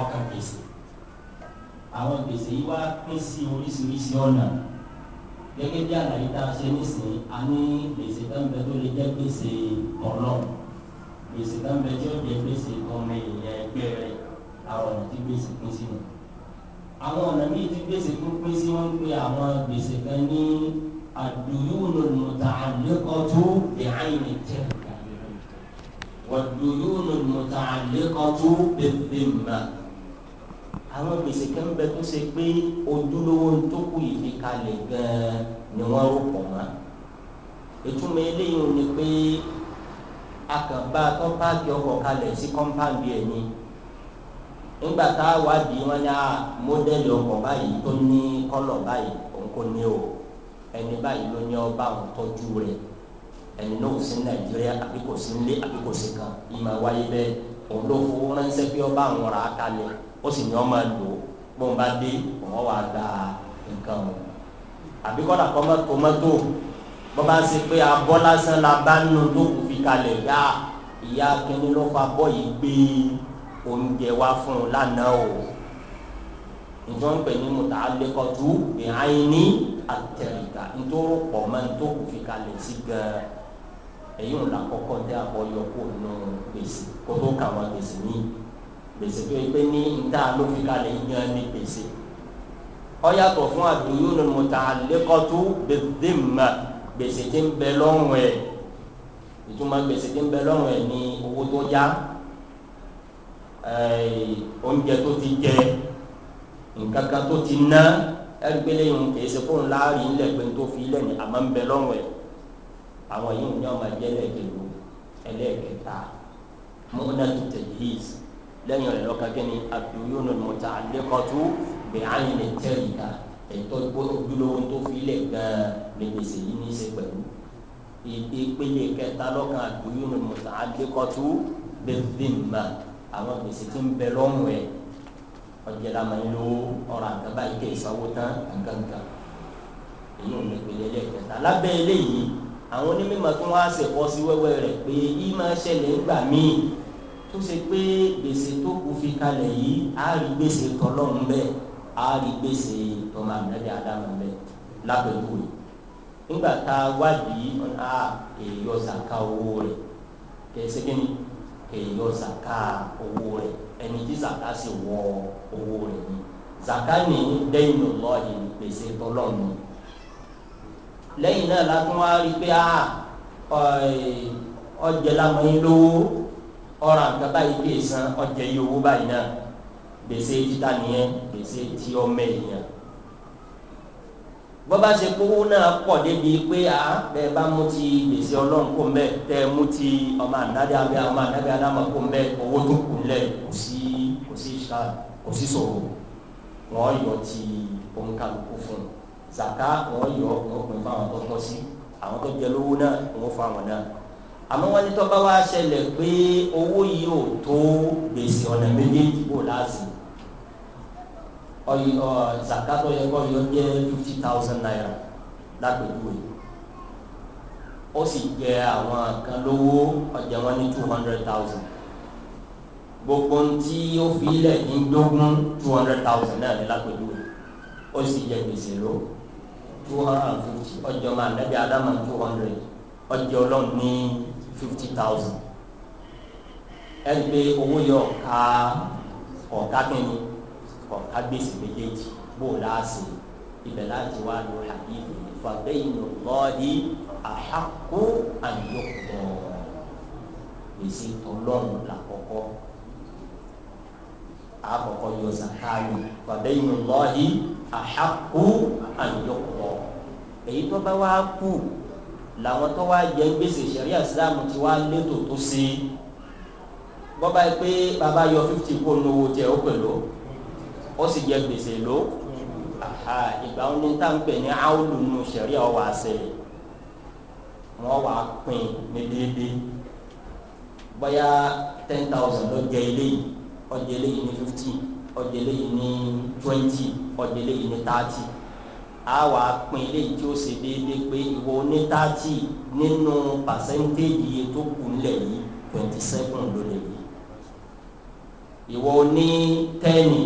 ọkàn gbèsè àwọn gbèsè yìí wá pín sí oríṣiríṣi ọ̀nà gẹ́gẹ́ bí àlàyé tá a ṣe nísìnyí a ní gbèsè kánbẹ tó lè jẹ́ gbèsè ọlọ́ gbèsè kánbẹ tí ó jẹ́ gbèsè ọmọ èèyàn ẹgbẹ́ rẹ àwọn ọ̀nà tí gbèsè pín sí nù àwọn ọ̀nà míì tí gbèsè tó pín sí wọn pé àwọn gbèsè kan ní àdúyúnulùmùtà àlékọ́tù bìáyìn jẹ́ wàdúyúnulùmùtà àlékọ́tù bẹ́ẹ̀ bẹ́ẹ̀ máa àwọn gbèsè kan bẹ tó ṣe pé ojúlówó tó kù yìí fi kalẹ̀ gan-an ni wọ́n rò pọ̀ mọ́ ìtumọ̀ eléyìí ni pé akànbá tó páàkì ọkọ̀ kalẹ̀ sí kọ́ńpáàndì ẹ̀ ni nígbà tá a wádìí wọn ní a mọ́dẹ́lì ọkọ̀ báyìí tó ní kọ́lọ̀ báyìí òun kò ní o ẹni báyìí ló ní ọba àwọn tọ́jú rẹ̀ ẹni náà sí nàìjíríà àbí kò sí kan ìmọ̀ wáyé bẹ́ẹ̀ òun ló fowó ránṣẹ́ pé ọba àwọn rà á ó sì ní ọmọ lò bó ń bá dé òun wà gba nǹkan o àbí kọ́dà tòmátò bó bá ṣe pé abọ́ lásán la bá nù tó kù fi kalẹ̀ yá ìyá kínní ló fa bọ́ yìí gbé oúnjẹ wá fún un lánàá o njọ ń pè ní mutaalekọtu ìhàyín ní àtẹrìkà ntòrò pọ̀ mọ́ ntòkù fi kalẹ̀ sí gan èyí ń la kọ́kọ́ dé àbọ̀yọ̀ kó nù gbèsè kó tó gbèsè ní gbèsè tó yẹ pé ní nta ló fi kalẹ̀ yan ní gbèsè ọ̀yàtọ̀ fún àdúyò ní muta'alliqatu bid-dhimma gbèsè tí ń bẹ lọ́rùn ẹ̀ ìtumọ̀ gbèsè tí ń bẹ lọ́rùn ẹ̀ ní owó tó já oúnjẹ tó ti jẹ nǹkan kan tó ti ná ẹgbẹ́lẹ́ yìí kì í ṣe fóun láàrin ilẹ̀ pé tó fi ilẹ̀ àmọ́ ń bẹ lọ́rùn ẹ̀ àwọn yìí ní ọmọ ẹ̀jẹ̀ lẹ́ẹ̀kẹ́ lò mọ́nà tó tẹ̀lé yìí lẹ́yìn rẹ̀ lọ́kàn kẹ́ni ad-duyun al-muta'alliqatu bi'ayn al-tarika ètò ojúlówó tó fi lẹ̀ gan-an lè gbèsè yìí ní í ṣe pẹ̀lú ìpele kẹta lọ́kàn ad-duyun al-muta'alliqatu bi-dhimma àwọn gbèsè tí ń bẹ lọ́rùn ẹ̀ ọjà lamọ yìí àgàbà yìí ìsanwó tán gangan èyí ò ní ìpele ẹlẹ́kẹta lábẹ́ eléyìí àwọn onímọ̀ tó wá ṣèkọ́ sí wẹ́wẹ́ rẹ̀ pé yìí máa ṣẹlẹ̀ ńgbà míì tó ṣe pé gbèsè tó kù fi kalẹ̀ yìí á rí gbèsè tọlọ́run bẹ́ẹ̀ á rí gbèsè tọmọ àmì àdámà bẹ́ẹ̀ lápẹ̀lúwe nígbà tá a wádìí ọ̀nà èyí ọ̀sàká owó rẹ̀ kẹsẹ́ kí ni èyí ọ̀sàká owó rẹ̀ ẹni tí zaka sì wọ owó rẹ̀ ni zaka ni dẹ́yìn lọ́ ìlú gbèsè tọlọ́run lẹ́yìn náà látún wá rí pé ọjẹ́ lámọ́ yín lówó ọ̀ràn nǹkan báyìí kì í san ọjà yìí owó báyìí náà gbèsè títa nìyẹn gbèsè tí ọmọ èèyàn bọ́bá ṣe kówó náà pọ̀ débi pé a bẹ́ẹ̀ bá mú ti gbèsè ọlọ́run kó mbẹ́ tẹ́ mú ti ọmọ ànábì abẹ́ ọmọ ànábì adámọ̀ kó mbẹ́ owó tó kù lẹ̀ kò sí kò sí ṣá kò sí ṣòro wọ́n yọ ti òǹkàlùkù fún zaka wọ́n yọ wọ́n pè fún àwọn tó pọ̀ sí àwọn tó jẹ lówó náà wọ́n fún àwọn náà àmọ́ wọ́n ní tó bá wá ṣẹlẹ̀ pé owó yìí ò tó gbèsè ọ̀nà méjèèjì bò láàzì ọyọ zakatọ yẹ kọ yọ jẹ fifty thousand naira lápẹjúwe ó sì jẹ àwọn kan lówó ọjà wọn ní two hundred thousand gbogbo ntí ó fi ilẹ̀ ní dógún two hundred thousand náà ní lápẹjúwe ó sì jẹ gbèsè ló two hundred and fifty ọjọ́ máa nẹ́bí adama two hundred ọjọ́ ọlọ́run ní fifty thousand ẹ gbé owó yọ ká ọ̀ká kẹ́ni ọ̀ká gbèsè méjèèjì bó o láàṣẹ ibẹ̀ láti wá lo hadith fàbẹ́yìn lọ́ọ̀dì àhàkó àyọ̀kọ̀ gbèsè tọlọ́run làkọ́kọ́ àkọ́kọ́ yọ sàkáyọ̀ fàbẹ́yìn lọ́ọ̀dì àhàkó àyọ̀kọ̀ èyí tó bá wá kú làwọn tó wá jẹ gbèsè sẹ̀ríà ìsìlámù ti wá létò tó sí i bọ́bá yìí pé bàbá yọ fifty kó lówó jẹ ó pẹ̀lú ó sì jẹ gbèsè ló ìgbà wọn ní táǹpẹ̀ ní áwùlù nù sẹ̀ríà ọwọ́ àṣẹlẹ̀ wọ́n wàá pín ní déédéé bóyá ten thousand ló jẹ eléyìí ọjọ́ eléyìí ní fifty ọjọ́ eléyìí ní twenty ọjọ́ eléyìí ní thirty a wà pín eléyìí tí ó ṣe déédéé pé ìwọ ní tààtì nínú pàṣẹ́ntéèjì iye tó kù ńlẹ̀ yìí twenty seven ló lè yí ìwọ ní tẹ́ẹ̀nì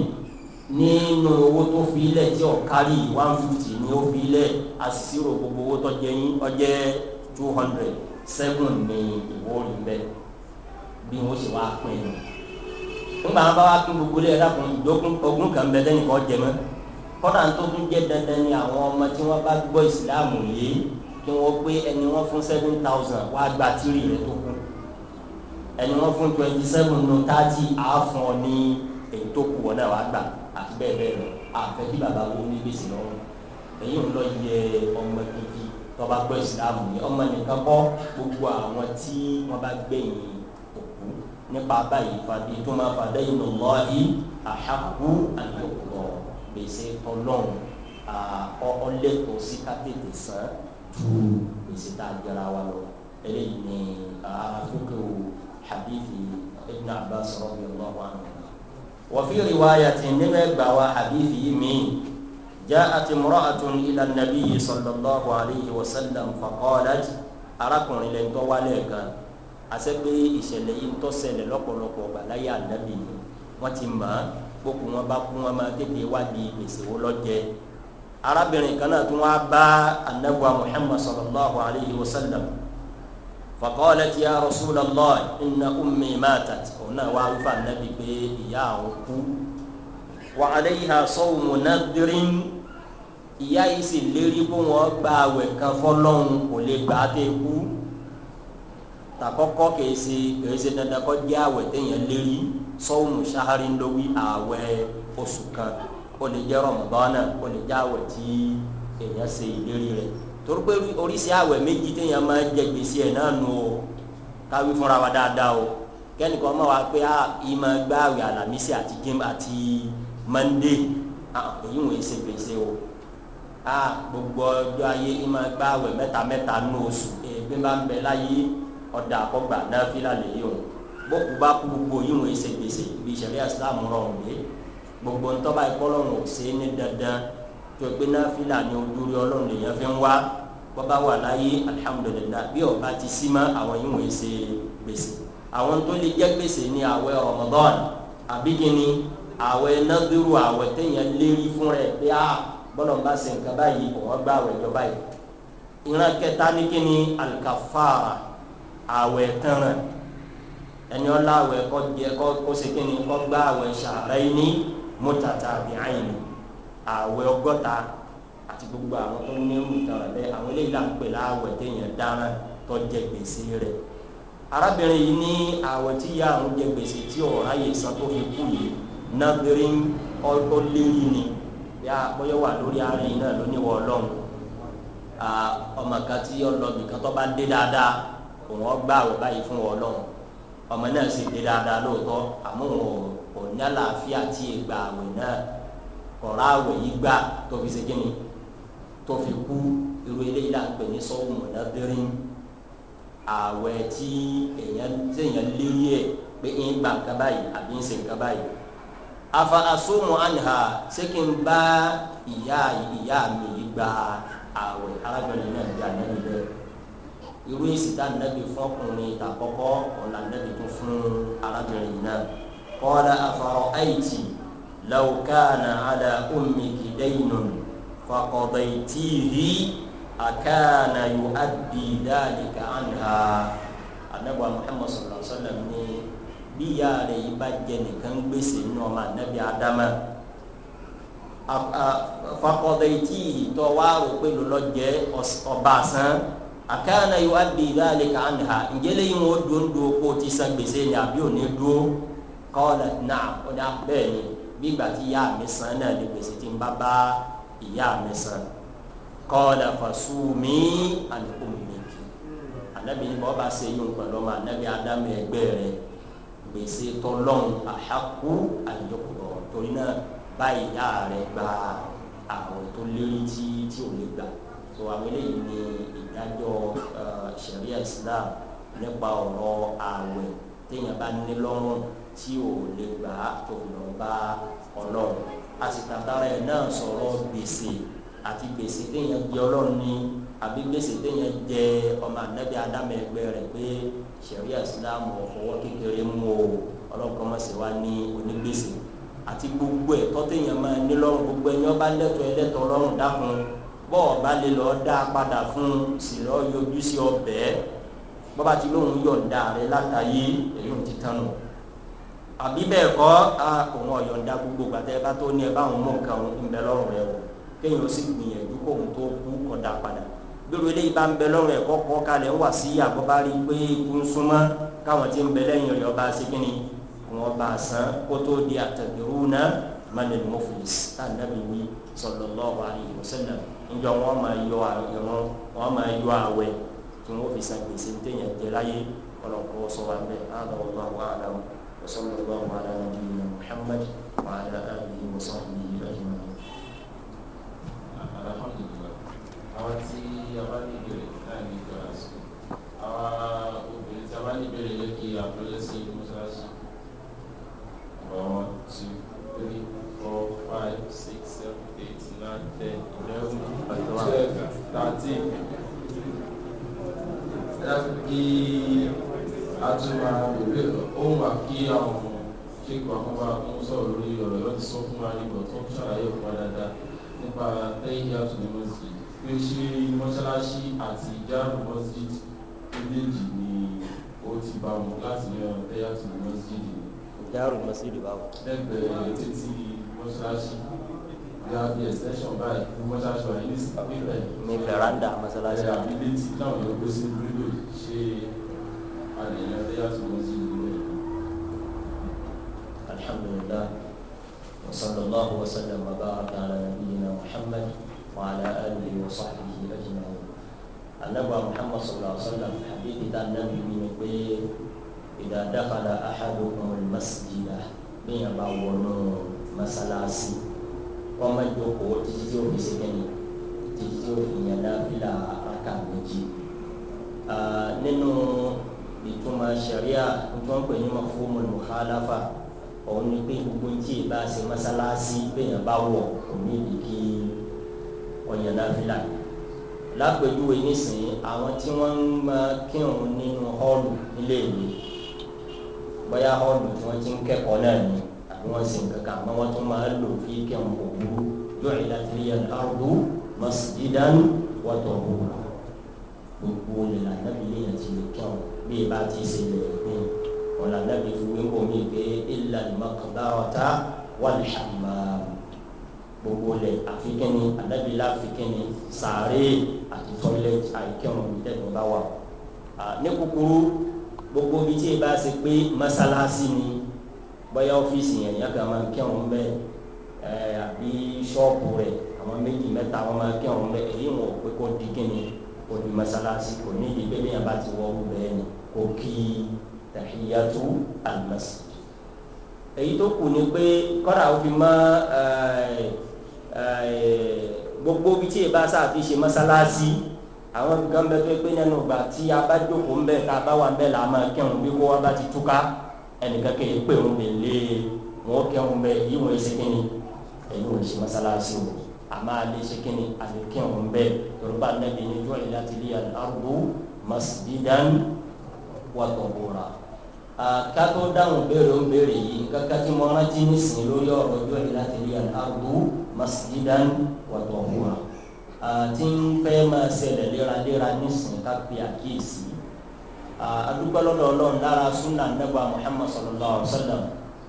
nínú owó tó fi ilẹ̀ tí ó kárí one fifty ni ó fi ilẹ̀ àṣìṣirò gbogbo owó tó jẹ two hundred seven ni ìwọ rí bẹ́ẹ̀ bí wọ́n ṣe wá pín in nígbà wọn bá wá pín gbogbo lẹ́yìn ẹ̀dá kan ìdókun ogún kan bẹ́ẹ̀ lẹ́yìn kan jẹ mọ́ kọ́dà tó tún jẹ́ dandan ni àwọn ọmọ tí wọ́n bá gbọ́ ìsìláàmù yìí kí wọ́n pé ẹni wọ́n fún seven thousand wá gba tírì rẹ̀ tó kù ẹni wọ́n fún twenty seven nù thirty àáfọ̀n ní èyí tó kù wọ́n náà wá gbà àti bẹ́ẹ̀ bẹ́ẹ̀ lọ àfẹ́ kí bàbá wo ní gbèsè lọ́wọ́ èyí ń lọ yẹ ọmọ gidi tó bá gbọ́ ìsìláàmù yìí ọmọ nìkan kọ́ gbogbo àwọn tí wọ́n bá gbẹ̀yìn òkú nípa báyìí òkú gbèsè tọlọ́hún ọlẹ́tọ̀ sí ká tètè san ju gbèsè tá a jẹra wa lọ eléyìí ni àfikò habibi ibn abbas rọ́bì ọlọ́wọ́ àná wọ́fí riwaayà tí nínú ẹgbà wa habibi mi jaat imra'atun ila nabiyyi sallallahu alayhi wa sallam faqalat arákùnrin lẹ́yìn tó wálé kan àṣẹ pé ìṣẹ̀lẹ̀ yìí ń tọ́ lọ́pọ̀lọpọ̀ gbàláyà nàbì ni wọ́n ti mọ̀ ọ́ gbogbo wọn bá kú wọn máa tètè wádìí gbèsè wo lọjẹ arábìnrin kan náà tún wá bá anabuwa muhammad sallallahu alayhi wa sallam faqalat ya rasulallah inna ummi matat òun náà wá wípé anabi pé ìyá àwọn kú wa alayha sawmu nadirin ìyá yìí sì lérí kó wọn gba àwẹ̀ kan fọlọ́run kò lè gbà á tẹ́ kú tàkọ́kọ́ kìí ṣe kìí ṣe dandan kọ́ jẹ́ àwẹ̀ téèyàn lérí sọ́wọ́mù sahari ńlọ́wí àwẹ̀ oṣù kan ó lè jẹ́ rọ̀mọ̀bọ́nà ó lè jẹ́ àwẹ̀ tí èèyàn ṣe ìlérí rẹ̀ torí pé oríṣi àwẹ̀ méjì téèyàn máa ń jẹ gbèsè ẹ̀ o káwí fúnra wa dáadáa o kẹ́nìkan máa wá pé ah, ìmọ̀ gbá àwẹ̀ àlàmísì àti jim àti mọ́ndé ah, èyí wọ̀nyí ṣe gbèsè o ah, gbogbo ọjọ́ ayé ìmọ̀ gbá àwẹ̀ mẹ́ta mẹ́ta nù oṣù èébí máa ń bẹ láyé ọ̀dà àkọ́gbà náfìlà lèyí o bókù bá kú gbogbo yìí wọ́n ṣe gbèsè ibi ìṣẹ̀lẹ̀ islam rọrùn dé gbogbo ntọ́ba ìkọlọ́run ò ṣe é ní dandan tó gbé náfìlà ní ojúrí ọlọ́run lèyàn fi ń wá bọ́ba wà láyé alihamudulilayi bí ọba ti sí mọ́ àwọn yìí wọ́n ṣe gbèsè àwọn tó lè jẹ́ gbèsè ní àwẹ̀ rọmọdọ́n àbíkíni àwẹ̀ nádúró àwẹ̀ téèyàn lérí fún rẹ̀ pé a ah, bọ́lọ̀ ń bá ṣe báyìí òun àwẹ̀ tẹ̀ràn ẹni ọlá àwẹ̀ kọ́ jẹ kọ́ kó ṣe kí ni kọ́ gbá àwẹ̀ ṣàárẹ̀ ní mọ́tàtà àbí àyìnbó àwẹ̀ ọgọ́ta àti gbogbo àwọn tó ní irú tẹ̀ràn bẹ́ẹ̀ àwọn eléyìí là ń pè láwẹ̀ téèyàn dáràn tó jẹ gbèsè rẹ̀ arábìnrin yìí ní àwẹ̀ tí ìyá àwọn jẹ gbèsè tí ọ̀rá san tó fi kú yìí nábìrin ọ̀tọ̀ ni bí abọ́yọ̀ wà lórí arìnrìn náà lóníwọ̀ ọlọ́run ọmọ kan tí ọlọ́bì kan tó òun ọgbà àwẹ̀ báyìí fún wọn lọ́hùn ọmọ náà sì dé dáadáa lóòótọ́ àmọ́ òun ò ní àlàáfíà tí ì gba àwẹ̀ náà kọ̀ọ̀rọ̀ àwẹ̀ yìí gbà tó fi ṣe kíni tó fi kú irú eléyìí là ń pè ní sọ́wọ́ mọ̀lẹ́bírin àwẹ̀ tí èèyàn lérí ẹ̀ pé ń gbà nǹkan báyìí àbí ń ṣe nǹkan báyìí afa asómo anha ṣé kí n bá ìyá ìyá mi yìí gba àwẹ̀ arábìnrin náà bí àná mi irú èsì tá nàbì fọkùnrin tàkọ́kọ́ ọ̀là nàbì tó fún arábìnrin náà kọ́lá afárọ̀ àìtì làwùkánà àlà omi kìdẹ́yìnà fakọ̀dọ̀ìtìhì àkánà yóò àbí dáàlìkà àǹhà anabi muhammad sallallahu alaihi wa sallam ni bíyà rẹ̀ yìí bá jẹ nìkan gbèsè nínú ọmọ anabi adama fakọ̀dọ̀ìtìhì tọ́wárò pé lọ́jẹ́ ọba sàn akana yóò abi ìbáàlè ka anha njẹlẹ yìí wọn dùn dùn kó ti san gbèsè ni àbí òní dùn kọ́ọ̀lá náà ó dá ah, bẹ́ẹ̀ ni bí ìgbà tí ìyá mi san náà ni gbèsè ti ń bá bá ìyá mi san kọ́ọ̀lá fasumi alikumiki anabi ni bọ́ọ̀ bá ṣe yín pẹ̀lú ọmọ anabi adamu ẹgbẹ́ rẹ gbèsè tọ́lọ́n àhàkú àyọkùrọ̀ torí náà báyìí ìyá rẹ gba àwọn tó lérí tí tí ò lè gbà tó àwọn eléyìí ni ìdájọ́ sẹ̀ríà islam nípa ọ̀rọ̀ ààwẹ̀ téèyàn bá ní lọ́rùn tí ò lè gbà á tó lọ bá ọlọ́run a sì tàtàrà ẹ̀ náà sọ̀rọ̀ gbèsè àti gbèsè téèyàn jẹ ọlọ́run ní àbí gbèsè téèyàn jẹ ọmọ ànábì adámẹ ẹgbẹ́ rẹ̀ pé sẹ̀ríà islam ọ̀fọwọ́ kékeré mú o ọlọ́run kọ́ mọ̀ sí wa ní onígbèsè àti gbogbo ẹ̀tọ́ téèyàn máa ní lọ́rùn gbogbo ẹ̀yàn bá lẹ́tọ̀ọ́ ẹlẹ́tọ̀ọ́ lọ́rùn dákun bọ́ọ̀ bá lè lọ dá padà fún sìrọ́ yọjú sí ọbẹ̀ bọ́ba ti lóun yọ̀ǹda rẹ látàyé èyí ò ti tán nù àbí bẹ́ẹ̀ kọ́ àwọn ọ̀yọ̀ǹda gbogbo gbàtẹ́ bá tó ní ẹ bá àwọn mọ̀ nǹkan ń bẹ lọ́rùn rẹ o kéèyàn ó sì gbìyànjú kóun tó kú ọ̀dà padà lórí eléyìí bá ń bẹ lọ́rùn ẹ̀ kọ́kọ́ kalẹ̀ ń wà sí àkọ́bá rí i pé ikú ń súnmọ́ káwọn tí ń bẹ lẹ́yìn rẹ̀ ọba ṣẹ́kínni wọn bá a san kó tó di àtẹ̀gbẹ̀rún náà mọ́lẹ̀ mọ́fìlì sí tàǹdàbí wí sọ̀lọ́lọ́ọ̀ àyè ọ̀sẹ̀ náà níjọ wọn máa yọ ìrun wọn máa yọ àwẹ tí wọn fi san gbèsè téèyàn jẹ láyé ọlọpàá sọ wa bẹ àdàwọlọ wa àdàwọ وصلى الله على نبينا محمد وعلى اله وصحبه اجمعين. الحمد لله. kíkọ àkọ́bá tó ń sọ̀rọ̀ lórí ọ̀rọ̀ yóò ti sọ fún wa nígbà tó ń ṣàlàyé òkú wa dáadáa nípa lẹ́yìn yàtò ní mọ́sídì pé ṣé mọ́ṣáláṣí àti ìjáàbù mọ́sídì méjèèjì ni ó ti bá wọn láti yan lẹ́yìn yàtò ní mọ́sídì. ìjáàbù mọ́sídì báwo. lẹ́gbẹ̀ẹ́ títí mọ́ṣáláṣí ya bí extension báyìí fún mọ́ṣáláṣí wa ní الحمد لله وصلى الله وسلم وبارك على نبينا محمد وعلى آله وصحبه أجمعين النبي محمد صلى الله عليه وسلم حديث النبي من إذا دخل أحدكم المسجد من يبعونه مسلاسي وما يقول تجيو في سكني تجيو في ينافلة ركع méjì nínú ìtumọ̀ sẹ̀ríà tó ń pè ní òun ni pé gbogbo tí ì bá ṣe mọ́sálásí bẹ́yàn bá wọ̀ kò ní ibi kí ọ̀yàn náfìlà lápèjúwe nísìnyí àwọn tí wọ́n ń mọ kírun nínú họ́ọ̀lù níléèwé bóyá họ́ọ̀lù tí wọ́n ti ń kẹ́kọ̀ọ́ náà ni àbí wọ́n sì ń kankan àmọ́ wọ́n tún máa ń lò fi kírun kò burú yóò rí láti rí ẹnu àrùbú masjidan wọ́tọ̀ òwúrọ̀ gbogbo olè lànà bí lèèyàn bí ìbá ti ṣe lè wọn là nàbí wíwé wò mí pé ilà ìmọ̀kànbáwọ̀tá wà lè ṣàmà gbogbo lẹ̀ àfikẹ́ni àdábìlá àfikẹ́ni sàárè àti tọ́lẹ̀tì àìkẹ́wọn ìdẹ́gbọ̀n bá wà. ní kúkúrú gbogbo ibi tí ẹ bá ṣe pé mọ́sálásí ni bóyá ọ́fíìsì yẹn ni àgbà máa ń kẹ́wọn bẹ́ẹ̀ àbí ṣọ́ọ̀bù rẹ̀ àwọn méjì mẹ́ta wọn máa kẹ́wọn bẹ́ẹ̀ èyí wọn ò pé kó di kíni kò ní mọ́sálásí kò ní ìdí pé bí yẹn bá ti wọ́ ọ tàhíyàtú àlùmọ́sí. èyí tó kù ni pé kọ́ra ó fi mọ́ gbogbo bí tí ìbá sáà fi ṣe mọ́sálásí àwọn kan bẹ tó pé nínú ìgbà tí a bá jókòó ń bẹ tá a bá wà ń bẹ là á máa kírun bí kó wá bá ti túká ẹnìkan kẹ́ pé òun lè lé wọn kírun bẹ yìí wọ́n ṣe kínní èyí wọ́n ṣe mọ́sálásí o àmọ́ alẹ́ ṣe kínní àfi kírun bẹ yorùbá nẹ́bí ní jọ́ọ̀lì láti lé àrùbó masjidan kátó dáhùn béèrè ń béèrè yìí kankan tí mo rántí nísìnyí lórí ọ̀rọ̀ ọjọ́ yìí láti rí àrùbù masjidan wàtọ̀ hùwà tí ń fẹ́ máa ṣẹlẹ̀ léraléra nísìnyí ká pe àkíyèsí adúgbò lọ́dọ̀ ọlọ́run lára súnà nẹ́gbà muhammad sallallahu Alaihi wa sallam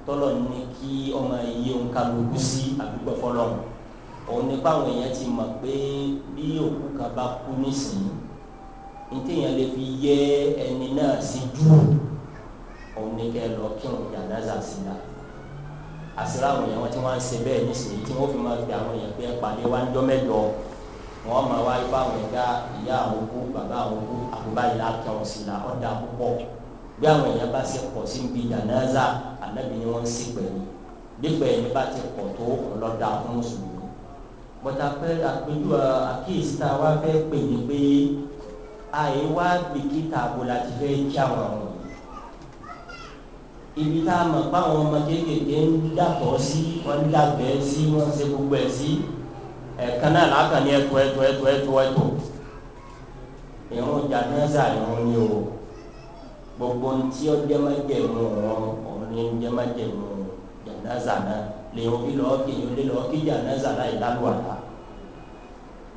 tọ́lọ̀ ní kí ọmọ iye nǹkan lókù sí àdúgbò fọlọ́run òun ní báwọn èèyàn ti mọ̀ pé bí òkú kan bá kú nísìnyí ní téèyàn lè fi yẹ ẹni náà sí dúró òun ní kẹ́ lọ kírun jàǹdàzà síra àsìrá àwọn èèyàn wọn tí wọ́n ń ṣe bẹ́ẹ̀ nísìnyí tí wọ́n fi máa fi àwọn èèyàn pé pàdé wá ń jọ́ mẹ́jọ wọn máa wá ipá àwọn ẹ̀dá ìyá àwọn ogún bàbá àwọn ogún àbúbá yìí láàkẹ́ wọn sí la ọ̀dà púpọ̀ bí àwọn èèyàn bá ṣe pọ̀ sí ibi jàǹdàzà ànábì ni wọ́n ń ṣe pẹ̀lú bí pẹ̀lú bá ti pọ̀ tó ọlọ́dà fún mùsùlùmí bọ́tà pẹ́ àpéjú àkíyèsí tá a wá fẹ́ pè ní pé àìwá bìkítà àbò láti fẹ́ kí àwọn àwọn ibi tá a mọ̀ páwọn ọmọ kéékèèké ń dàpọ̀ sí wọ́n ń dàgbẹ́ sí wọ́n ń ṣe gbogbo ẹ̀ sí ẹ̀kan náà lákàn ní ẹ̀tọ́ ẹ̀tọ́ ẹ̀tọ́ ẹ̀tọ́ ẹ̀tọ́ ìrún jàdúrẹ́sà ìrún ni o gbogbo ntí ọ jẹ́mẹ́jẹ̀mú ọ̀rọ̀ ọ̀rọ̀ ní jẹ́mẹ́jẹ̀mú jàdúrẹ́sà náà lèyìn òbí lọ́ọ́ kí lèyìn òlé lọ́ọ́ kí jàdúrẹ́sà láì lálù àlá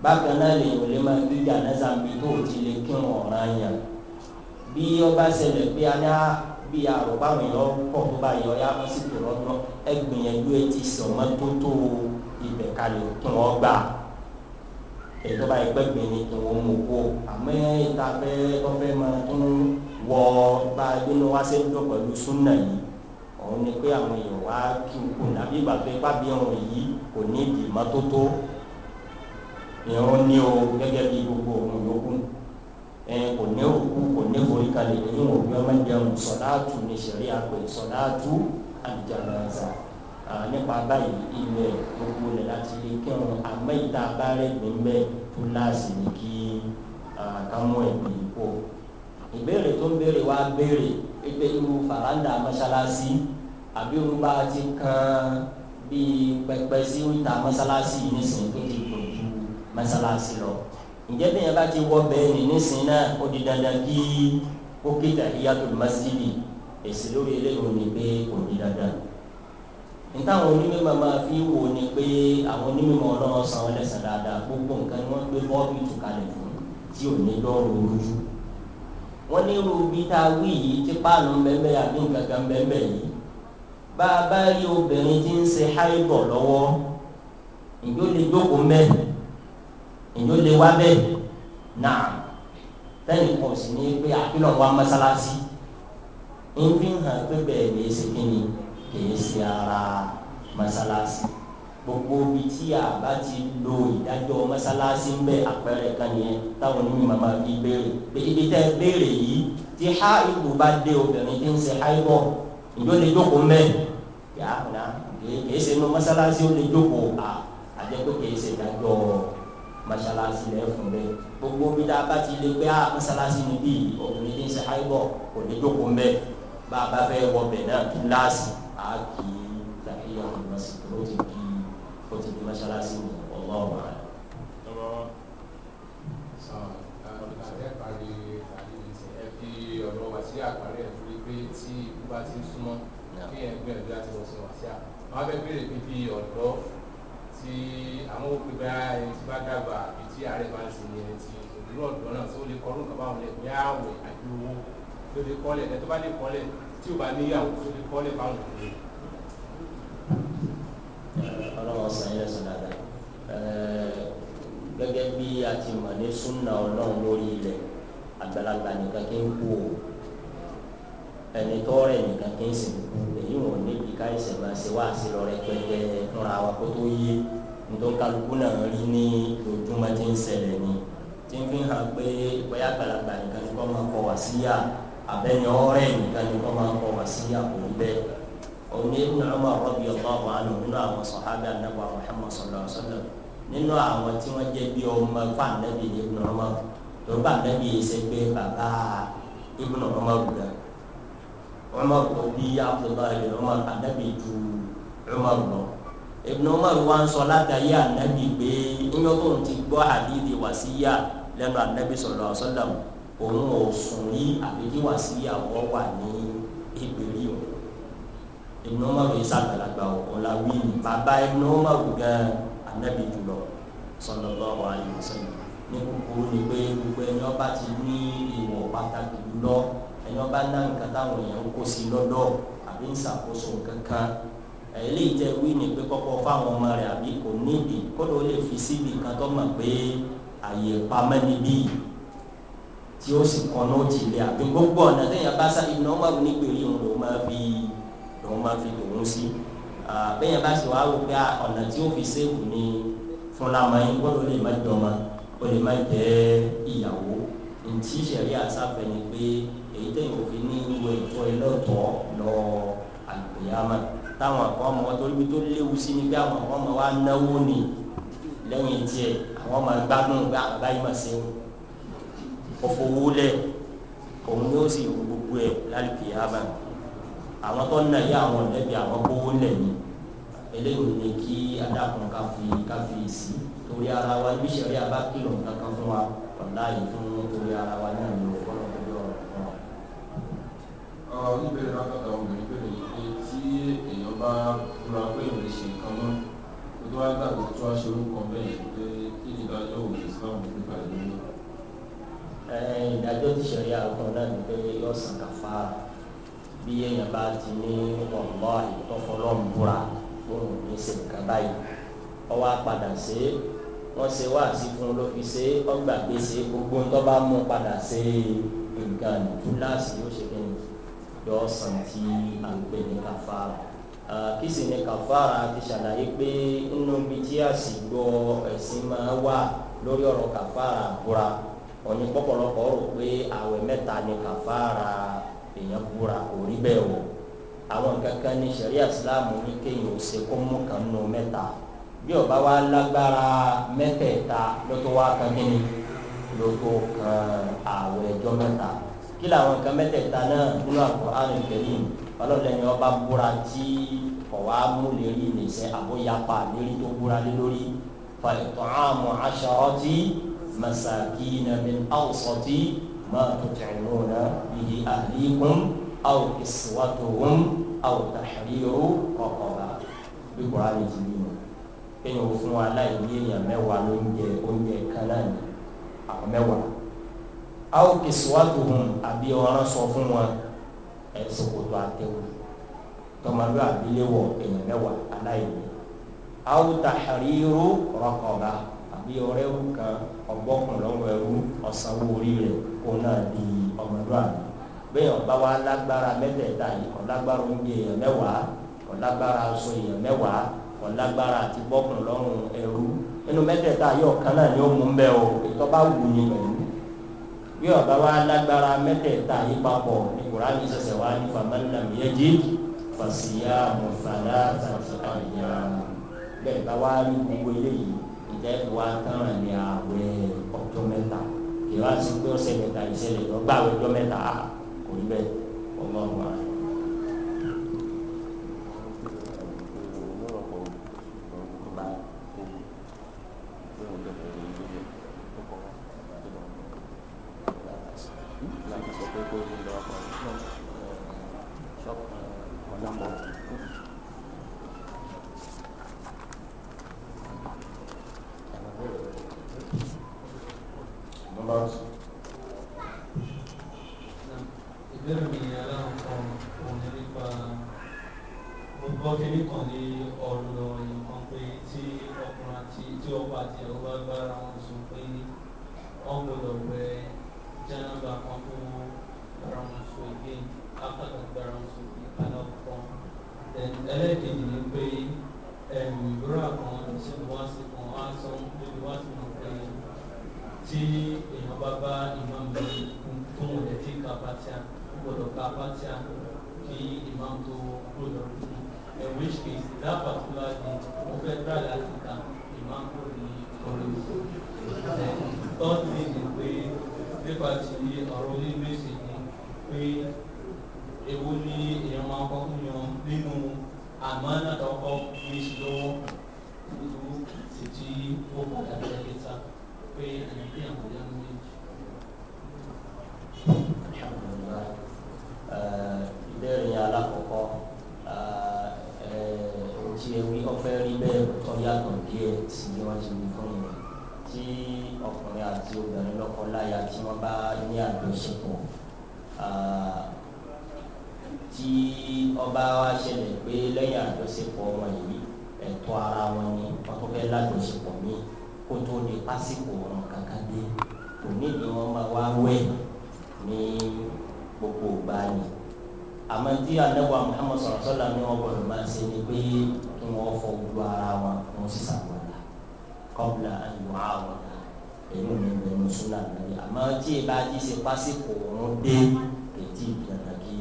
bákan náà lèyìn òlé máa kí jàdúrẹ́sà bí tó ti lè kírun ọ̀ràn yàn bí ọba ṣẹlẹ̀ pé a ah, bí àròbá àwọn èèyàn pọ̀ tó bá yọ ya wọ́n sì tó lọ́dún ẹgbìyànjú etí sọ̀mọ́ tó tó ibẹ̀ kalẹ̀ kí wọ́n gbà èyí tó bá yẹ pẹ́ gbìn ní kí wọ́n mú kó àmọ́ ìta fẹ́ ọfẹ́ máa tún wọ bá gbénu wá sí ẹjọ́ pẹ̀lú súnà yìí òun ni pé àwọn èèyàn wá kí n kò nàbí ìgbà tó ipá yìí kò ní ìdìmọ́tótó ìrún ní o gẹ́gẹ́ bí gbogbo òun yòókù kò ní òkú kò ní orí kalẹ̀ èyí wọn bí ọmọ jẹun sọláàtù ní sẹ̀rí àpè sọláàtù àjànàza nípa báyìí ilẹ̀ gbogbo rẹ̀ láti lè kírun àmọ́ ìta bá rẹ̀ gbìn bẹ́ẹ̀ tó láàsì ní kí kámú ẹ̀gbìn kó. ìbéèrè tó ń béèrè wá béèrè pé irú fàràǹdà mọ́ṣáláṣí àbí irú bá ti kan bíi pẹpẹ sí ìta mọ́ṣáláṣí nísìnyí tó ti gbòòjú mọ́ṣáláṣí lọ ǹjẹ́ bí yẹn bá ti wọ bẹ́ẹ̀ ni nísìnyí náà ó di dandan kí ó kí tahiyatul masjidi èsì lórí eléyìí ni pé kò di dandan ntáwọn onímọ̀ máa fi wò ni pé àwọn onímọ̀ ọlọ́run san wọn lẹ́sàn dáadáa gbogbo nǹkan ni wọ́n gbé bọ́ọ̀lù ìtúkalẹ̀ fún tí ò ní lọ́rùn ojú wọ́n ní irú tá a wí yìí tí páànù bẹ́ẹ̀ àbí nǹkan bẹ́ẹ̀ yìí bá a bá rí obìnrin tí ń ṣe háìbọ̀ lọ́wọ́ ìjó lè jókòó mẹ́rin ìyó lè wá bẹ́ẹ̀ náà tẹ́nì kan sì ní pé àpilọ̀ wa mọ́sálásí ń fi hàn pé bẹ́ẹ̀ lè ṣe kí ni kì ṣe ara mọ́sálásí gbogbo ibi tí a bá ti lo ìdájọ́ mọ́sálásí ń bẹ àpẹẹrẹ kan yẹn táwọn onímọ̀ màmá fi béèrè pé ibi tẹ́ béèrè yìí tí há ìlú bá dé obìnrin tí ń ṣe háìbọ̀ ìjọ lè jókòó mẹ́ yàrá kìí ṣe inú mọ́sálásí ó lè jókòó àjẹpẹ́ kìí ṣe ìdájọ́ ọ̀rọ̀ masalasi lẹ fún bẹ gbogbo bí tá a bá ti lè gbé a masalasi ni bí obìnrin tí ń sẹ ayibọ kò lè jókòó mbẹ bá a bá fẹ wọ bẹ náà kí láàsì a kì í làkìyà kò lọ sí o ti di o ti di masalasi mi ọlọ wa. tí ikú bá ti ń súnmọ́ kí ẹ̀ gbìyànjú láti wọ̀ tí àwọn òpin bá ẹni tí bá dàgbà àbí tí ààrẹ bá ń sin ní ẹni tí tí ó lè kọrú nǹkan báwọn lẹ̀ bí àbí owó tí ó lè kọ́lẹ̀ tó bá lè kọ́lẹ̀ tí ò bá níyàwó tí ó lè kọ́lẹ̀ báwọn eh, ẹni tó rẹ̀ nìkan kí n sìn èyí wọn níbi ká ẹsẹ̀ máa ṣe wá sí lọ rẹpẹtẹ fúnra wa kó tó yé nítorí kálukú náà rí ní ojúmọ́ tí ń ṣẹlẹ̀ ni tí ń fi hàn pé bóyá gbàlagbà nìkan ni kò máa kọ wá síyà abẹ́ni ọ̀rẹ́ nìkan ni kò máa kọ wá síyà kò rí bẹ́ẹ̀ òní ibùdó ọmọ rọ́bì ọlọ́ọ̀bù àánú àwọn sọ̀hábì anábọ̀ muhammed sallallahu alayhi wa sallam nínú àwọn tí wọ́n jẹ́ bí ọmọ ẹ̀fọ́ ànábì ibùdó ọmọ tó bá ànábì yìí ṣe bàbá ibùdó ọmọ rúdà Umar ló bí Abdullahi bin Umar anabi ju Umar lọ Ibn Umar wa ń sọ látàyé anabi pé ńyọ́ tó ń ti gbọ́ àdídì wá sí yá lẹ́nu anabi sọ̀rọ̀ ọ̀sọ́dà òun ò sùn rí àbídí wá sí yá wọ́n wà ní ìgbèrí o Ibn Umar yìí sàgbàlagbà ọ̀la wí ni bàbá Ibn Umar gan anabi jùlọ sallallahu alaihi wasallam ní kúkúrú ni pé gbogbo ẹni ọba ti ní ìwọ̀ pàtàkì jùlọ èèyàn bá ná nǹkan táwọn èèyàn ń kó sí lọ́dọ̀ àbí ń ṣàkóso nǹkan kan eléyìí tẹ wí ni pé kọ́kọ́ fáwọn ọmọ rẹ̀ àbí kò níbi kódà ó lè fi síbi kan tó mọ̀ pé àyè pamẹ́ níbí tí ó sì kan náà ti lé àbí gbogbo ọ̀nà téèyàn bá sá ibi náà wọ́n ní òun lòún máa fi lòún máa fi lòún sí béèyàn bá sì wá wò pé ọ̀nà tí ó fi séwù ni fúnra yín kódà ó lè má dọ́mọ ó lè má jẹ́ ìyàwó ntí sẹ̀rí àṣàfẹ́ ni pé téèyàn ò fi ní ìwé ìtọ́ ẹ lọ́tọ̀ọ́ lọ àlùkòyàmà táwọn àkọ́ ọmọ wọn torí tó léwu sí ni bí àwọn àkọ́ ọmọ wa náwó ni lẹ́yìn tiẹ̀ àwọn ọmọ gbádùn gbá àbáyé mà sí wọn ọ̀fọ̀ owó lẹ̀ òun ni ó sì wù gbogbo ẹ̀ lálùkòyàmà àwọn tó nà yá àwọn ọ̀lẹ́bí àwọn gbówó lẹ̀ ni eléyìí ni kí adákùn ká fi ká fi sí torí ara wa ibi ìṣẹ̀lẹ̀ abá kìlọ̀ kankan fún wa ọ̀la yìí fún torí ara wa náà lọ oníbẹ̀rẹ̀ látọ̀dọ̀ àwọn obìnrin bẹ̀rẹ̀ yìí tí èèyàn bá fura pé èèyàn lè ṣe nǹkan náà ó tó wá gbàgbé tó wá ṣe orúkọ bẹ́ẹ̀ pé kí ni ìdájọ́ òun lè sáwọn nípa ìlú náà. ìdájọ́ ti ṣẹ̀rí àkọ́ náà ni pé yóò sàn kàfà bí èèyàn bá ti ní ọ̀lọ́ ìtọ́fọlọ́run búra fóun ní ṣe báyìí ọwọ́ apàdà ṣe é wọ́n ṣe wá sí fún ló fi ṣe ọgbà gbèsè gbogbo ń yọ san tí a ń pè ní kàfàrà kí sì ni kàfàrà ti ṣàlàyé pé nínú ibi tí àsìgbọ́ ẹ̀sìn máa wà lórí ọ̀rọ̀ kàfàrà búra òní pọ̀pọ̀lọpọ̀ rò pé àwẹ̀ mẹ́ta ni kàfàrà èèyàn búra kò rí bẹ́ẹ̀ o àwọn kankan ní sẹ̀ríà sílámù ní kéèyàn ò ṣe kó mú kan nù mẹ́ta bí ọba wa lágbára mẹ́tẹ̀ẹ̀ta ló tó wá kan kí ni ló tó kan àwẹ̀ ẹjọ́ mẹ́ta kí làwọn nǹkan mẹ́tẹ̀ẹ̀ta náà nínú Al-Qur'an Al-Karim ọlọ́lẹ́yìn ọba búra tí ọ̀wá múlérí nìṣẹ́ àbóyapa lérí tó búra lé lórí fa it'amu asharati masakina min awsati ma tut'imuna bihi ahlikum aw kiswatuhum aw tahriru raqaba bí Qur'an ti bí wọn kéèyàn fún wa láì ní èèyàn mẹ́wàá lóúnjẹ oúnjẹ kan náà àwọn mẹ́wàá awo kisiwatuhun àbí ọ̀ràn sọ fún wọn ẹ ṣòkòtò àtẹwò tọmọdé àbílẹwọ èèyàn mẹ́wàá aláìní awo tahariru rọkọba àbí ọrẹ wù kan ọgbọkùn lọ́wọ́ ẹrú ọsanwó orí kó náà di ọmọdé àbí bẹ́ẹ̀ ọba wa lágbára mẹ́tẹ̀ẹ̀ta yìí ọlágbára oúnjẹ èèyàn mẹ́wàá ọlágbára aṣọ èèyàn mẹ́wàá ọlágbára àti bọkùn lọ́rùn ẹrú nínú ni ó mú o ìtọ́ bá wù ní bí ọba wa lágbára mẹ́tẹ̀ẹ̀ta yí papọ̀ ní kùránì sẹ̀sẹ̀ wá ní famalam yẹjí fàṣíyà mọ̀fàlà àti àyà bẹ́ẹ̀ bawa wá rí gbogbo eléyìí ìjẹ́ wa tán ní àwẹ̀ ọjọ́ mẹ́ta ìwádìí pé ọ̀sẹ̀ mẹ́ta ìṣẹ̀lẹ̀ ọgbà ọjọ́ mẹ́ta kò ní bẹ́ẹ̀ ọgbà ọgbà wáṣíkù wọn á sọ níbi wáṣíkù pé tí èèyàn bá bá imam lọ tó ń lè fi ka pátíà ó gbọ́dọ̀ ka pátíà kí imam tó kúrò lọ́rùn fún in which case that particular day ó fẹ́ gbà láti ka imam kò ní orí òkú. third thing ni pé nípa ti ọ̀rọ̀ onígbèsè ni pé èwo ni èèyàn máa kọ́kọ́ yan nínú àmọ́ náà tọkọ ní ìṣúlọ́wọ́ èsì tí ó padà bẹ̀rẹ̀ létà pé ẹni bí àwọn ọ̀dọ́ mú èjì. ìbéèrè alákọ̀ọ́kọ́ ohun tí ewì ọ̀fẹ́ rí bẹ́ẹ̀ tó yàtọ̀ díẹ̀ sí bí wọ́n ti wí fún yẹn tí ọkùnrin àti obìnrin lọ́kọ láya tí wọ́n bá ní àjọṣepọ̀ tí ọba wa ṣẹlẹ̀ pé lẹ́yìn àjọṣepọ̀ wọn yìí ẹ̀tọ́ ara wọn ni wọ́n tó fẹ́ lájọṣepọ̀ ní kó tó di pásíkò ọ̀ràn kankan dé kò nídìí wọn máa wá wẹ̀ ní gbogbo ìgbà yìí àmọ́ tí anáwó Muhammad sọ̀rọ̀ sọ́la ní wọn gbọ́dọ̀ máa ṣe ni pé kí wọ́n fọ ojú ara wọn kí wọ́n sì ṣàwọ̀dà kọ́bùlà àyùwá àwọn èyí ni ìbẹ̀rù súnà nàbí àmọ́ tí ìbá ti ṣe pásíkò ọ̀run dé kèjì dandan kí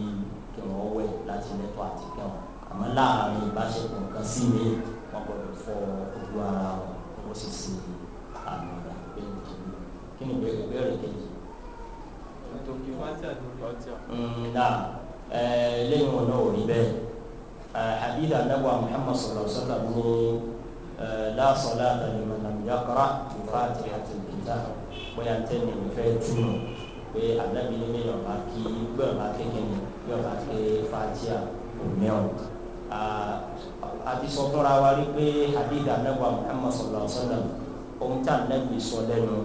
kí wọ́n láti lẹ́tọ̀ àti kẹwọn àmọ́ láàrin ìbáṣepọ̀ nǹkan sí mi fọ ojú ara wọn ó sì ṣe àmì ìbéèrè kejì kí ni ìbéèrè kejì. Mm, lẹ́yìn wọn náà ò rí bẹ́ẹ̀ hadith anabuwa muhammad sallallahu alaihi wa sallam ní lásọlá àtàlẹ́mọ̀ nàmìyàkọ́rá ìfàtì àti ìbìtà bóyá tẹ́lẹ̀ ìfẹ́ túmọ̀ pé anabi ní bẹ́ẹ̀ yọ̀ọ̀bá kí bẹ́ẹ̀ bá kékeré bẹ́ẹ̀ bá ké fàtíà òmíràn. Ah, àti sọ fúnra wa rí pé hadith anabu muhammad sallallahu alaihi wa sallam ohun tí anabi sọ lẹ́nu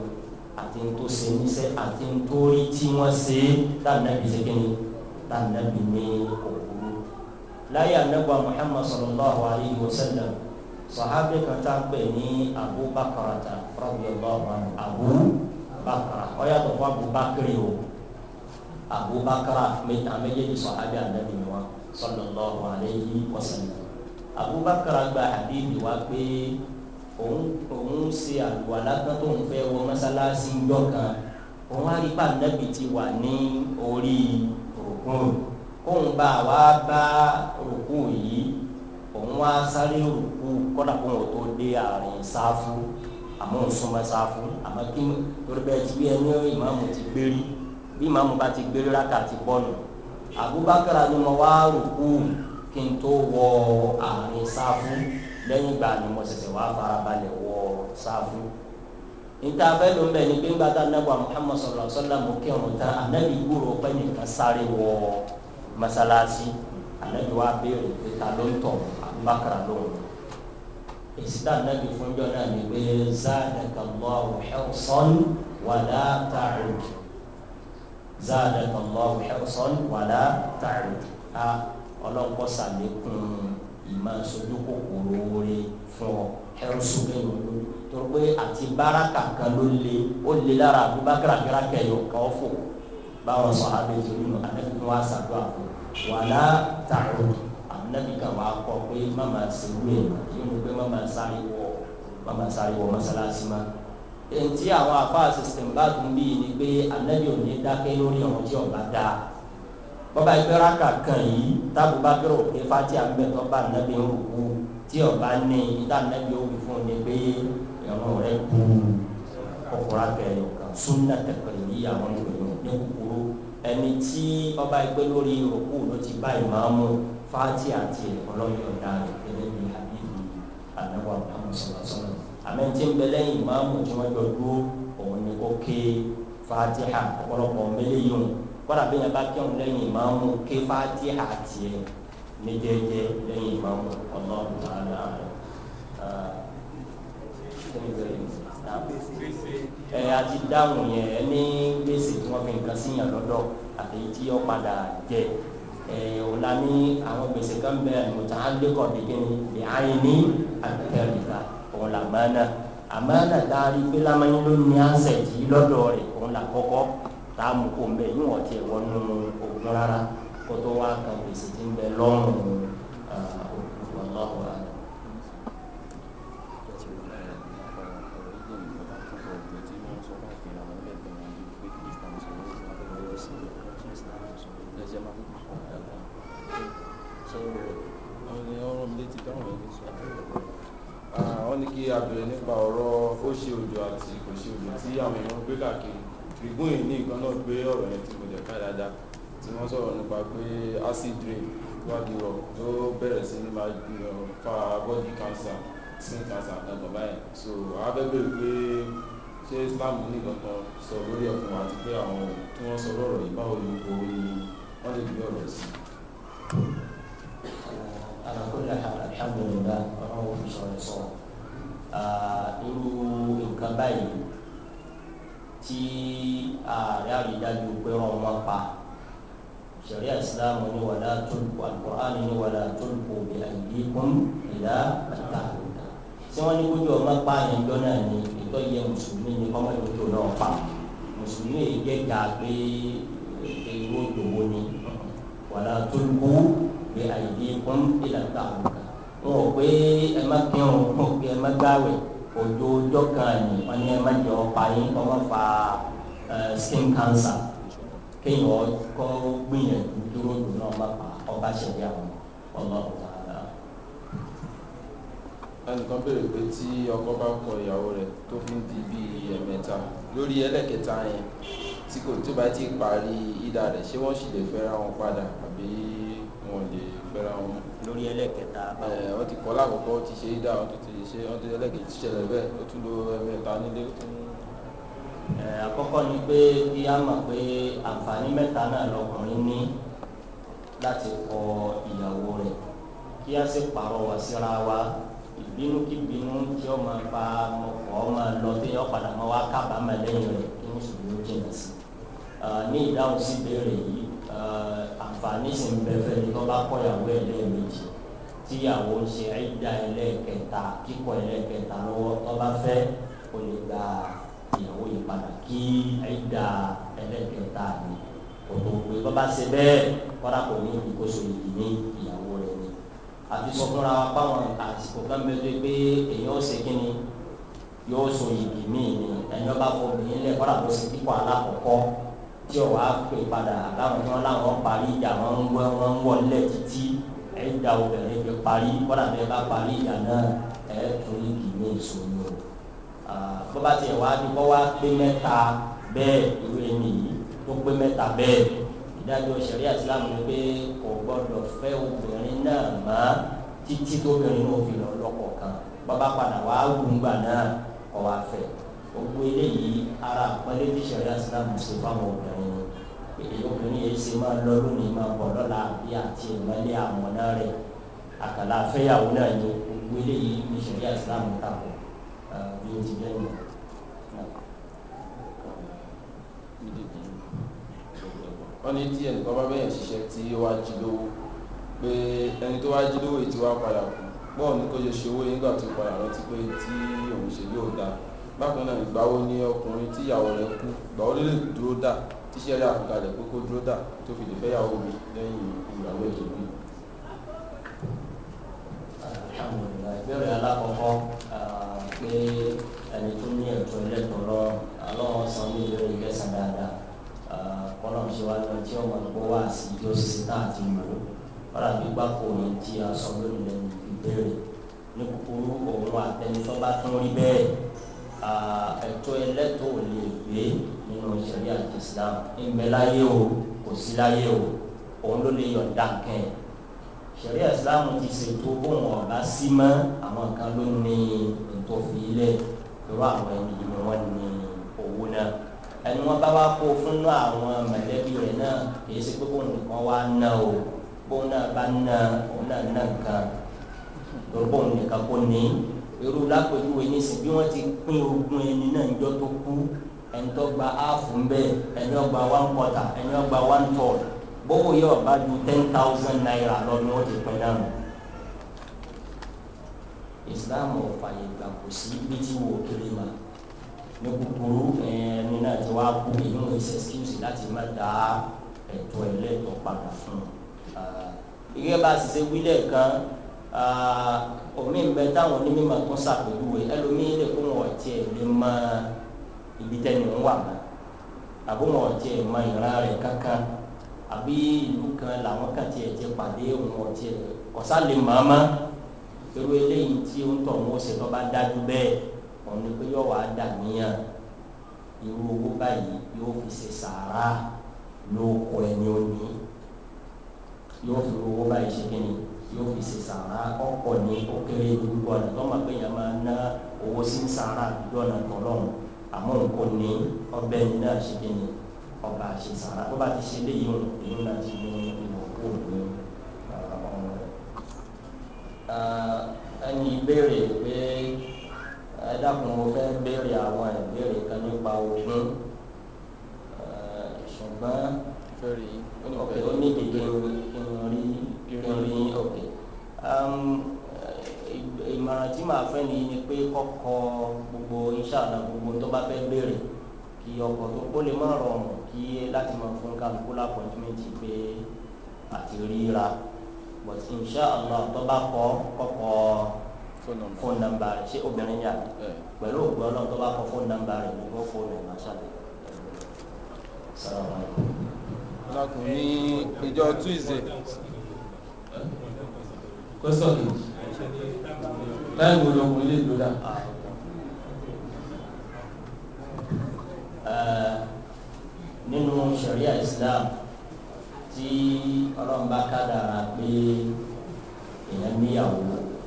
àti ń tó ṣe níṣẹ́ àti ń tó rí tí wọ́n ṣe lánàbí ṣe kíni lánàbí ní òwúrú. láyé anabu muhammad sallallahu alaihi wa sallam sahabe kan tá a pè ní abu bakarata rabi allah abu bakara ọyàtọ̀ fún abu bakari abu bakara àmì méjèèjì sahabe anabi ni wọn sallallahu alayhi wa sallam abubakar gba hadithi wa pé òun òun ṣe àlùwàlá kan tó ń fẹ́ wọ mọ́sálásí ńjọ́ kan òun á rí pa nẹ́bi ti wà ní orí òkun kóun bá wa bá òkú yìí òun wá sáré òkú kọ́dà kóun tó dé àárín sáfù àmọ́ òun sáfù àmọ́ kí lórí bẹ́ẹ̀ ti bí ẹni ìmáàmù ti gbérí bí ìmáàmù bá ti gbérí rákà ti bọ́ọ̀nù Abubakar ni mo wá rùkú kí n tó wọ àárín sáfù lẹ́yìn ìgbà ni mo ṣẹ̀ṣẹ̀ wá farabalẹ̀ wọ sáfù níta fẹ́ ló ń bẹ̀ ní gbígbà tá anábọ̀ Muhammad sallallahu alaihi wasallam kí tán anábì gbúrò pé nìkan sáré wọ masalasi anábì wa béèrè pé ta ló ń tọ̀ Abubakar lóhùn èsì tá anábì fúnjọ náà ní pé zádàkàlọ́ ọ̀hẹ́ sọ́n wàdà tààrùn zaadaka allahu hirsan wala ta'ud a ọlọ́nkọ́ sàlékún ìmọ̀ sojú kòkòrò oore fún ọ hirsu kẹyìn olú torí pé àti báraka kan ló le ó le lára abubakar akẹ́rà kẹyìn ọ̀kan ọ̀fọ̀ báwọn sọ̀hábẹ́ tó nínú anábìínú wa sàdúrà fún wàlá ta'ud anabi kan wàá kọ pé má máa ṣe wúlò ìmọ̀ kí sáré wọ má sáré wọ mọ́sálásí máa èyí tí àwọn àfáà system bá tún bí ni pé anabi ò ní dákẹ́ lórí ọ̀rọ̀ tí ọba dá bọ́bá ẹgbẹ́ rákà kan yìí tábù bá kéré òkè fati àgbẹ̀tọ́ bá anabi ń rògbò tí ọba ní ìdá anabi ó wí fún ni pé ẹ̀rọ rẹ kú ọkùnrin akẹ́yọ̀ kan súnà tẹ̀kọ̀rẹ̀ yìí àwọn ìròyìn ní kúkúrú ẹni tí ọba ẹgbẹ́ lórí rògbò ló ti bá ìmáàmù fati àti ọlọ́yọ̀ọ̀dà rẹ̀ gẹ́gẹ́ bí àbí àdáwà àmẹ́ntí ń bẹ lẹ́yìn ìmáàmù tí wọ́n jọ dúró òun ni kó ké fatiha ọ̀pọ̀lọpọ̀ mẹ́lẹ̀ yìí òun kọ́dà bí yẹn bá kẹ́hùn lẹ́yìn ìmáàmù ké fatiha tiẹ̀ ní jẹ́jẹ́ lẹ́yìn ìmáàmù ọlọ́run tààlà ẹ àti dáhùn yẹn ní gbèsè tí wọ́n fi nǹkan sí yàn lọ́dọ̀ àti tí ó padà jẹ òun la ní àwọn gbèsè kan bẹ́ẹ̀ mọ̀tàn á lé kọ̀ọ̀dé kí ni lè ní àtẹ̀tẹ̀ rìbá òun là mánà àmánà tá a pé lámánì ló ní àṣẹ yìí lọ́dọ̀ òun là kọ́kọ́ tá a mú kó mbẹ yín wọ́n tiẹ̀ wọnú òògùn rárá kó tó kan gbèsè tí ń bẹ lọ́rùn uh, òògùn ọlọ́run se odò àti kò se odò tí àwọn èèyàn gbé káàkiri Tribune yìí ní nǹkan náà gbé ọ̀rọ̀ yẹn tí mo dẹ̀ ká dáadáa tí wọ́n sọ̀rọ̀ nípa pé acid rain wájú rọ̀ tó bẹ̀rẹ̀ sí ní máa fa body cancer skin cancer àtàgbọ̀n báyìí so a fẹ́ bèrè pé ṣé Islam ní kankan sọ lórí ẹ̀fọn àti pé àwọn tí wọ́n sọ lọ́rọ̀ yìí báwo ni o ní wọ́n lè gbé ọ̀rọ̀ sí. alakola alhamdulilayi ọlọ́run fi sọ̀rọ̀ sọ̀rọ̀. Ah, nǹkan báyìí tí ààrẹ àrídájú pé ọ̀rọ̀ wọn pa sẹ̀rí àsìlámù ni wàlá tó lù àlùkùránì ni wàlá tó lù kò bí àyíkún ìlà àtà tí wọ́n ní kójú ọmọ pa àyànjọ náà ni ìtọ́ yẹ mùsùlùmí ni ọmọ ìlú náà pa mùsùlùmí yìí jẹ́ gà pé èrò òdòwò ni wàlá tó lù kú bí àyíkún ìlà àtà wọn ò pé ẹ má kírun wọn ò pé ẹ má gbáwẹ̀ òjò ọjọ́ kan ni wọ́n ní ẹ má jẹ́ ọ̀pá yín kọ́ wọ́n fa skin cancer kéèyàn kọ́ gbìyànjú dúró dùn náà má pa ọba ṣẹlẹ̀ àwọn ọlọ́run tààrà. ẹnìkan béèrè pé tí ọkọ bá kọ ìyàwó rẹ tó fi ń di bíi ẹ̀mẹ́ta lórí ẹlẹ́kẹta yẹn tí kò tó bá ti parí ìdá rẹ̀ ṣé wọ́n sì lè fẹ́ra wọn padà àbí wọn lè fẹ́ra wọn lórí ẹlẹ́kẹta báwo. ẹ ọ ti kọ́ lákòókò ó ti ṣe é dá ọ tó ti ṣe ọ tó ẹlẹ́kẹ̀ẹ́ ti ṣẹlẹ̀ bẹ́ẹ̀ ó tún lo ẹ̀mẹ́ta nílé ó tún. ẹ àkọ́kọ́ ni pé kí a mọ̀ pé àǹfààní mẹ́ta náà lọkùnrin ní láti kọ ìyàwó rẹ̀ kí a sì pàrọwà síra wa ìbínú kí bínú tí ó máa bá ọkọ̀ máa lọ tí ó padà máa wá kábàámọ̀ lẹ́yìn rẹ̀ kí mùsùlùmí jìnnà sí. ní ìdáhùn sí ìbéèrè yìí àǹfààní sì ń bẹ fẹ́ ni tó bá kọ́ ìyàwó ẹlẹ́ẹ̀mejì tíyàwó ń ṣe ẹ̀dá ẹlẹ́ẹ̀kẹta kíkọ́ ẹlẹ́ẹ̀kẹta lọ́wọ́ tó bá fẹ́ o lè gba ìyàwó yìí padà kí ẹ̀dá ẹlẹ́ẹ̀kẹta ni òtò pé bọ́ bá ṣe bẹ́ẹ̀ kọ́dà kò ní ìkóso yìí ní ìyàwó rẹ̀ ni àti sọ fúnra báwọn àsìkò kan bẹ pé èyí ó ṣe kíni yóò so yìí míì ni ẹni ọba fọ obìnrin lẹ kọ́dà kó ṣe kíkọ́ alákọ̀ọ́kọ́ tí ọ̀ wá pè padà àtàwọn tí wọ́n láwọn parí ìjà wọn ń wọ́ wọn ń wọlé títí ẹ̀dá obìnrin fi parí kọ́dà bí ẹ bá parí ìjà náà ẹ̀ tún igi ní ìṣòro bó bá tiẹ̀ wá ní kọ́ wá pé mẹ́ta bẹ́ẹ̀ irú ẹni yìí tó pé mẹ́ta bẹ́ẹ̀ ìdájọ́ sẹ̀rí àtìlámù ni pé kò gbọ́dọ̀ fẹ́ obìnrin náà mọ́ títí tóbìnrin náà fi lọ lọ́kọ̀ọ̀kan bàbá padà wá wù náà kọ́ wá fẹ́ gbogbo eléyìí ara àpọ́nlé tí sẹ̀rí asilamu ṣe fáwọn obìnrin ni èyí obìnrin yìí ṣe máa lọ lónìí máa bọ̀ lọ́la bí àti ìmọ̀lẹ́ àmọ́ná rẹ̀ àkàlà náà ni gbogbo eléyìí ní sẹ̀rí asilamu takò bí o ti jẹ́ nù. wọ́n ní tí ẹnì kan bá bẹ̀yàn ṣiṣẹ́ tí ó wá jí lówó pé ẹni tó wá jí lówó yìí ti wá padà kú bọ́ọ̀ ní kó ṣe ṣe owó yìí nígbà tó padà rántí pé tí òun ṣe yóò dáa bákan náà ìgbà wo ni ọkùnrin tí ìyàwó rẹ̀ kú ìgbà wo lè dúró dà tí ṣe yà fún kalẹ̀ pé kó dúró dà tó fi lè fẹ́ yàwó mi lẹ́yìn ìyàwó ẹ̀ tó bí. ìbéèrè alákọ̀ọ́kọ́ pé ẹni tó ní ẹ̀tọ́ ẹlẹ́tọ̀ọ́ lọ alọ́wọ́ san ní ìlú ìgbẹ́sàn dáadáa kọ́nà ṣe wá lọ tí ọmọ ìgbó wà sí tí ó sì náà ti lò ó kọ́nà gbígbà kò ní tí a sọ lónìí lẹ́nu ìbéèrè ní kúkúrú òun àtẹnitọ́ bá tún rí bẹ́ẹ̀ ẹ̀tọ́ ẹlẹ́tọ́ ò lè gbé nínú ìṣẹ̀lẹ̀ àti islam ìgbẹ́ láyé o kò sí láyé o òun ló lè yọ̀ǹda kẹ́ ẹ̀ ìṣẹ̀lẹ̀ islam ti ṣètò bóun ọ̀gá sí mọ́ àwọn kan ló ní ìtòfin ilẹ̀ irú àwọn ẹni yìí ni wọ́n ní owó náà ẹni wọn bá wá kó fún náà àwọn mọ̀lẹ́bí rẹ̀ náà kìí ṣe pé bóun nìkan wá ná o bóun náà bá ná òun náà ná nǹkan torí bóun nìkan kó ní irú lápẹjúwe ní sìn bí wọn ti pín ogún ẹni náà níjọ tó kú ẹni tó gba áàfù ń ẹni tó one quarter ẹni tó one third bówó yẹ ọba ju ten thousand naira lọ ni wọn ti pín náà islam ọ̀fàyè gbà kò sí bí tí wò ó kéré ma ní kúkúrú ẹni náà ti wá kú èyí wọn ṣe excuse láti má da ẹ̀tọ́ ẹlẹ́tọ̀ padà fún un. ìgbẹ́ bá a ṣiṣẹ́ wílẹ̀ kan Ah, omi ń bẹ táwọn onímọ̀ tó ṣàpèjúwe ẹlòmíín lè kó wọn tiẹ̀ lè mọ ibi tẹ́ni ń wà mọ́ àbó wọn tiẹ̀ mọ ìran rẹ̀ kankan àbí kan làwọn kan tiẹ̀ pàdé wọn tiẹ̀ lè eléyìí tí ó ń tọ̀ ṣe bá dájú bẹ́ẹ̀ ni pé dà níyàn irú owó báyìí yóò fi ṣe sàárà lóko ẹni yóò fi ṣe sàrà ọ̀pọ̀ ní ó kéré gbogbo àná tó máa gbẹ̀yàn máa ná owó sí sàrà lọ́nà tọ́lọ́run àmọ́ nǹkan ní ọbẹ̀ yìí náà ṣe kí ni ọba ṣe sàrà bó bá ti pé kọ́kọ́ gbogbo iṣẹ́ àná gbogbo tó bá fẹ́ béèrè kí ọkọ̀ tó kó lè má rọrùn kí láti máa fún kálukú lápọ̀jùmẹ́ntì pé àti ríra but insha allah tó bá kọ́ kọ́kọ́ fóònù nọ́mbà rẹ̀ ṣé obìnrin yà pẹ̀lú ògbó ọlọ́run tó bá kọ́ fóònù nọ́mbà rẹ̀ ní wọ́n fóònù ẹ̀ máa ṣàlẹ̀. ọlọ́kùnrin ìjọ tuesday láì wo lọkùnrin lè lóra. nínú sẹ̀ríà Islam tí ọlọ́mba kádàrà pé èèyàn níyàwó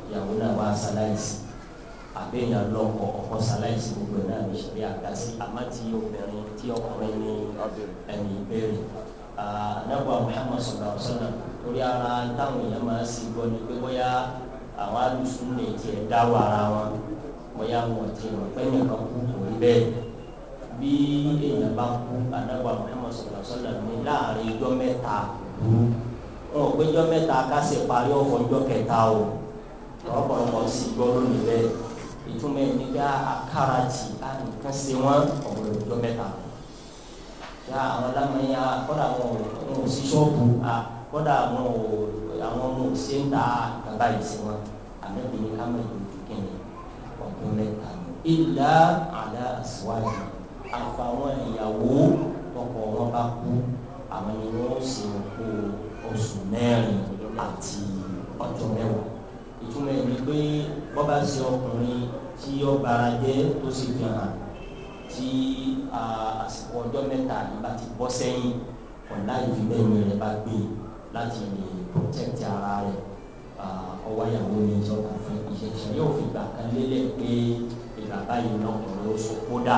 ìyàwó náà wá sáláìsì àbí èèyàn lọ́kọ ọkọ sáláìsì gbogbo ẹ̀ náà ní sẹ̀ríà gásí àmọ́ tí obìnrin tí ọkùnrin ní ẹni ìbéèrè anagba ah, Muhammad sallallahu alaihi wa sallam torí ara táwọn èèyàn máa ń sì gbọ́ ni pé bóyá àwọn alùsùn lè tiẹ̀ dáwọ́ ara wọn bóyá wọn ti rò pé nìkan kú kò rí bẹ́ẹ̀ bí èèyàn bá kú adágbà Muhammad sọlá sọlá ní láàrin ijọ́ mẹ́ta kú wọn ò pé ijọ́ mẹ́ta kásẹ̀ parí ọ̀fọ̀ ijọ́ kẹta o ọ̀pọ̀lọpọ̀ sì gbọ́ lónìí bẹ́ẹ̀ ìtumọ̀ ẹni dá akára tì á nìkan ṣe wọn ọ̀pọ̀lọpọ̀ ijọ́ mẹ́ta ya àwọn lamẹ́yà kọ́dà wọn ò sí ṣọ́ọ̀bù kọ́dà wọn ò àwọn ọmọ òṣèǹda báyìí sí wọn ànábi ní ká mọ̀ ìlú kíkẹ́ni ọdún mẹ́ta ni. ìlà àlà àsìwájú àfàwọn ìyàwó tọkọ wọn bá kú àwọn ni wọn sì ń kó oṣù mẹ́rin àti ọjọ́ mẹ́wàá. ìtumọ̀ ẹ̀ ni pé bọ́bá ṣe ọkùnrin tí ọba ara jẹ́ tó sì fi hàn tí àsìkò ọjọ́ mẹ́ta yìí bá ti bọ́ sẹ́yìn ọ̀la ìfìlẹ́yìn rẹ̀ bá gbé láti lè protect ara rẹ̀ ọwọ́ ìyàwó mi ìjọba fún ìṣẹ̀ṣẹ̀ yóò fi gbà kan lélẹ̀ pé ìgbà báyìí náà ọ̀rọ̀ oṣù kódà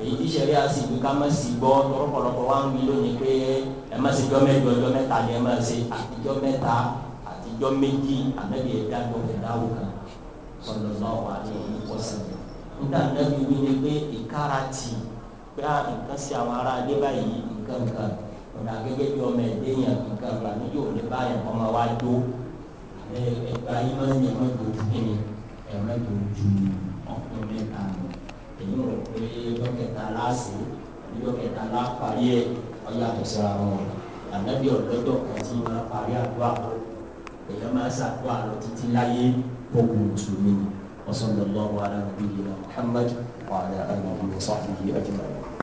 èyí tí sẹ́rí àti ìlú ká má sì gbọ́ tọ́rọ́pọ̀lọpọ̀ wá ń wí lónìí pé ẹ má ṣe jọ́ mẹ́jọ ọjọ́ mẹ́ta ni ẹ má ṣe àtijọ́ mẹ́ta àtijọ́ méjì ànábì ẹ̀dá gbọ́dọ̀ dáwò kan sọlọ́lá wà ní ìkọsílẹ̀ nígbà ànábì wí ni pé ìkáràtì pé nǹkan sí àwọn ará adé báyìí nǹkan nǹkan ọ̀nà gẹ́gẹ́ bí ọmọ ẹ̀dẹ́yìn nǹkan nǹkan níjó lè báyìí ọmọ wa dó ẹgbàá yín máa ń yẹ mọ́ dojú kí ni ẹ má dojú ọ̀pọ̀ mẹ́ta nù èyí rò pé dọ́kẹ̀tà láàṣì ní dọ́kẹ̀tà láàparí ẹ̀ ọ̀yà àtọ̀sọ̀rọ̀ àwọn ànábì ọ̀lọ́dọ̀ kan tí máa parí àdúrà lọ èyí máa ṣàdúrà lọ títí láyé gbogbo mùsùlùmí ọ̀sán lọ́wọ́ wa náà bí i muhammad wa ala alihi wa sahbihi ajma'in